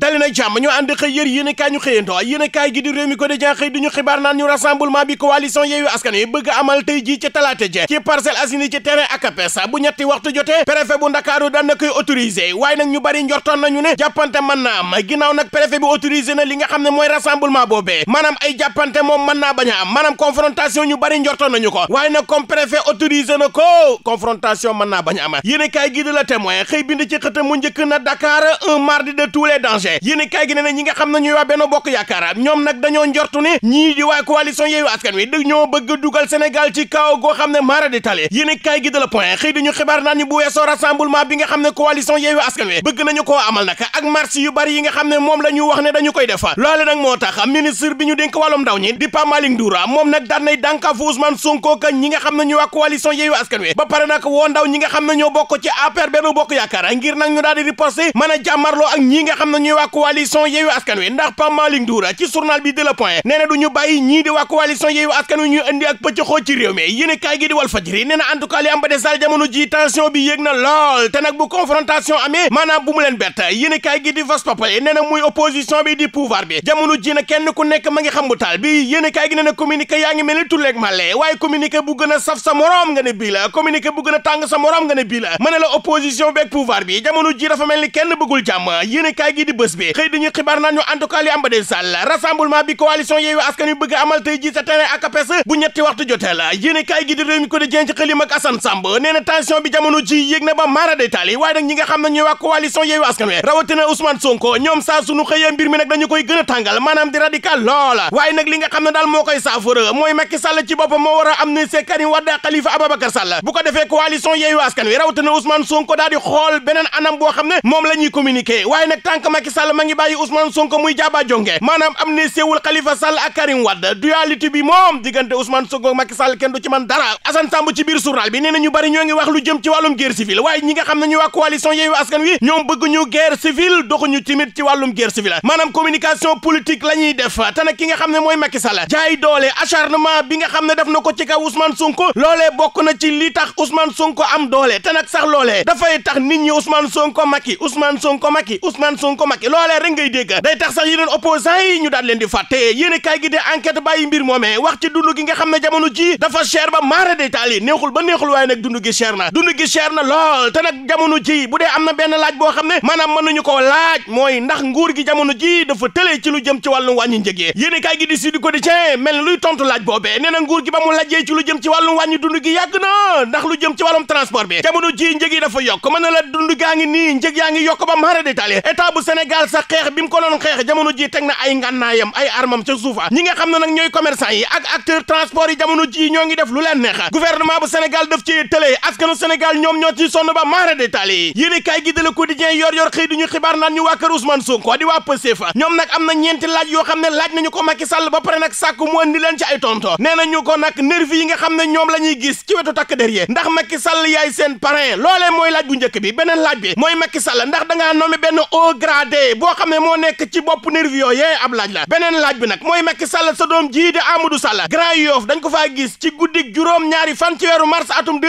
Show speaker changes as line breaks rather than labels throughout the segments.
dali na jàmm ñu ànd xëy yër yéen kaay ñu xëyantoo yéen kaay gi di réew mi ko de jen xëy du ñu xibaar naan ñu rassemblement bi coalition Yewwi Askan Wi bëgg amal tey jii ci talaate je ci Parcelles Assainies ci terrain ACAPES bu ñetti waxtu jotee préfet bu Ndakaaru daan na koy autorisé waaye nag ñu bari na ñu ne jàppante mën naa am ginnaaw nag préfet bi autorisé na li nga xam ne mooy rassemblement boobee maanaam ay jàppante moom mën naa bañ a am maanaam confrontation ñu bari njortoon nañu ko waaye nag comme préfet autorisé na ko confrontation mën naa bañ a am yéen kaay xëy bind ci njëkk na Dakar un mardi les dangers projet yéen kaay gi ne na ñi nga xam ne ñuy waa Benno Bokk Yaakaar ñoom nag dañoo njortu ni ñii di waa coalition Yewwi Askan Wi dañoo bëgg dugal Sénégal ci kaw goo xam ne maara di tali yéen kaay gi de la point xëy ñu bu weesoo rassemblement bi nga ne coalition Yewwi Askan Wi bëgg nañu koo amal nag ak marche yu bari yi nga xam ne moom la ñu wax ne dañu koy def loole nag moo tax ministre bi ñu dénk wàllum ndaw ñi di Pape Malick Ndour moom nag daan ba pare nag woo ndaw ñi xam ne ñoo bokk ci APR Benno Bokk Yaakaar ngir nag a jàmmarloo ak waa coalition Askan Wi ndax Pape Malick Ndour ci journal bi de Le du ñu bàyyi ñii waa coalition Yewwi Askan Wi ñu indi ak pëccëxoo ci réew mi yéen kaay gi di Walf Fadjri nee na en tout cas li bi yéeg na lool te nag bu confrontation amee maanaam bu mu leen bett yéen kaay gi di Vox Populi muy opposition bi di pouvoir bi jamono ji na kenn ku nekk ma ngi bi yéen kaay gi nee na yaa ngi mel ni a bés xëy dañu xibaar naan ñu en tout cas li am ba bi coalition Yewwi Askan Wi bëgg amal tey ji sa terrain ak bu ñetti waxtu jotee la yéene kaay gi di réew ko di jeen ci xëlim ak Assane Samb nee na bi jamono ji yéeg na ba maara taali waaye nag ñi nga xam ne ñuy waa coalition Yewwi Askan Wi rawatina Ousmane Sonko ñoom saa sunu xëyee mbir mi nag dañu koy gën a tàngal maanaam di radical loola waaye nag li nga xam ne daal moo koy saafara a Macky Sall ma ngi bàyyi Ousmane Sonko muy jaaba jonge maanaam amnistie wul Khalifa Sall ak Karim Wade dualité bi moom diggante Ousmane Sonko Macky Sall kenn du ci man dara Assane Samb ci biir journal bi nee ñu bari ñoo ngi wax lu jëm ci wàllum guerre civile waaye ñi nga xam ne ñu waa coalition Yewwi Askan Wi ñoom bëgg ñu guerre civile doxuñu timit ci wàllum guerre civile maanaam communication politique la def te ki nga xam ne mooy Macky Sall jaay doole acharnement bi nga xam ne Macky loolee rek ngay dégg day tax sax yeneen opposants yi ñu daal leen di fàtte yéen i kaay gi de enquête bàyyi mbir moomee wax ci dund gi nga xam ne jamono ji dafa cher ba maara détaal yi neexul ba neexul waaye nag dund gi cher na dund gi cher na lool te nag jamono ji bu dee am na benn laaj boo xam ne maanaam mënuñu ko laaj mooy ndax nguur gi jamono ji dafa tëlee ci lu jëm ci wàllum wàññi njëg yi yéen i kaay gi di Sud Quotidien mel na luy tontu laaj boobee nee na nguur gi ba mu lajjee ci lu jëm ci wàllum wàññi dund gi yàgg na ndax lu jëm ci wàllum transport bi jamono ji njëg yi dafa yokk mën na la dund gaa ngi nii njëg yaa ngi yokk ba maara détaal yi état bu Sénégal Sénégal sa xeex bi mu ko xeex jamono ji teg na ay ngànnaayam ay armam ca suufa ñi nga xam ne nag ñooy commerçant yi ak acteur transport yi jamono ji ñoo ngi def lu leen neex gouvernement bu Sénégal daf ci tëlee askanu Sénégal ñoom ñoo ci sonn ba maara détaal yi yéen kaay gi de Le Quotidien yor yor xëy ñu xibaar naan ñu waa kër Ousmane Sonko di waa Pastef ñoom nag am na ñeenti laaj yoo xam ne laaj nañu ko Macky Sall ba pare nag sàkku mu andi leen boobee boo xam ne moo nekk ci bopp nervi yooyee ab laaj la beneen laaj bi nag mooy Macky Sall sa doom jii di Amadou Sall Grand Yoff dañ ko faa gis ci guddik juróom-ñaari fan ci weeru mars atum ci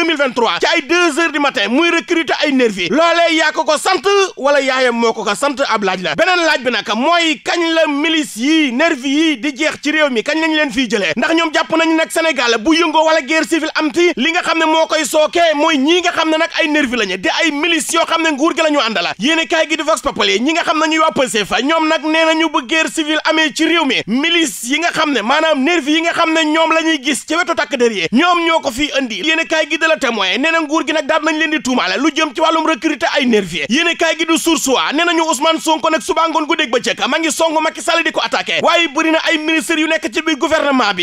ay deux heures du matin muy recruter ay nervi loolee yaa ko ko sant wala yaayam moo ko ko sant ab laaj la beneen laaj bi nag mooy kañ la milice yii nervi yii di jeex ci réew mi kañ lañ leen fii jëlee ndax ñoom jàpp nañu nag Sénégal bu yëngoo wala guerre civile am ti li nga xam moo koy mooy ñii nga xam ne nag ay nervi lañu di ay milice yoo xam ne nguur gi la nañuy ñu Pastef ñoom nag nee nañu bu guerre civile amee ci réew mi milice yi ne maanaam yi nga xam ne ñoom la ñuy gis ci wetu takk der yi ñoom ko fii indi yéen a kaay gi da la témoin nee na nguur leen di tuumaale lu jëm ci wàllum recruter ay nervi yéen a kaay gi du source wa nee Sonko waaye bëri na ay ministres yu nekk bi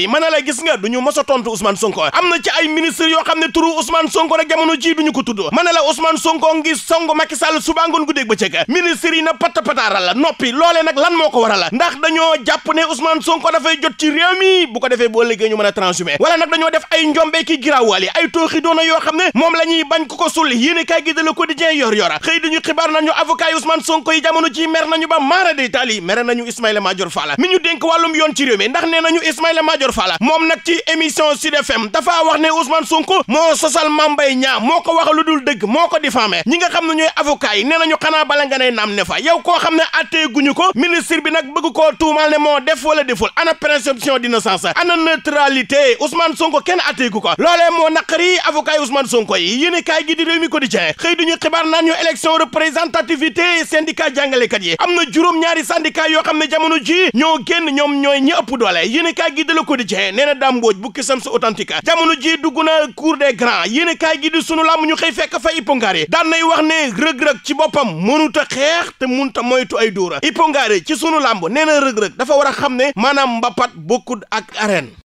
mën na la gis nga a tontu Ousmane Sonko am yoo xam ne turu Ousmane Sonko rek jamono ji duñu ko tudd mën na la Ousmane Sonko ngi song Macky Sall suba pataaral la noppi loolee nag lan moo ko waral la ndax dañoo jàpp ne Ousmane Sonko dafay jot ci réew ko defee boo liggéey ñu mën a transhumé wala nag dañoo def ay njombe ki giraawaal ay tooxi yoo xam ne moom la ñuy bañ ko ko sul yéen kay gi de le quotidien yor yora xëy dañu xibaar nañu avocat yi Sonko yi jamono ci mer nañu ba maara de Italie mer ñu dénk wàllum yoon ci moom nag ci émission Sud FM dafa wax ne Ousmane Sonko moo ko wax lu dul dëgg moo ko diffamé ñi nga xam ne boo xam ne attee guñu ko ministre bi nag bëgg koo tuumal ne moo def wala deful ana présomption d'innocence ana neutralité Ousmane Sonko kenn attee gu ko loolee moo naqari avocat yi Ousmane Sonko yi yéen kaay gi di réew mi quotidien xëy duñu xibaar naan ñu élection représentativité syndicat jàngalekat yi am na juróom-ñaari syndicat yoo xam ne jamono ji ñoo génn ñoom ñooy ñi ëpp doole yéen kaay gi di le quotidien nee na dàmbooj bu kisam sa authentique jamono ji dugg na cour des grands yéen kaay gi di ñu xëy fekk fa ipongaar yi daan nay wax ne rëg-rëg ci boppam mënut a xeex te te moytu ay dóora ipongaare ci sunu làmb nee na rëg-rëg dafa war a xam ne maanaam mbappat bokkut ak arène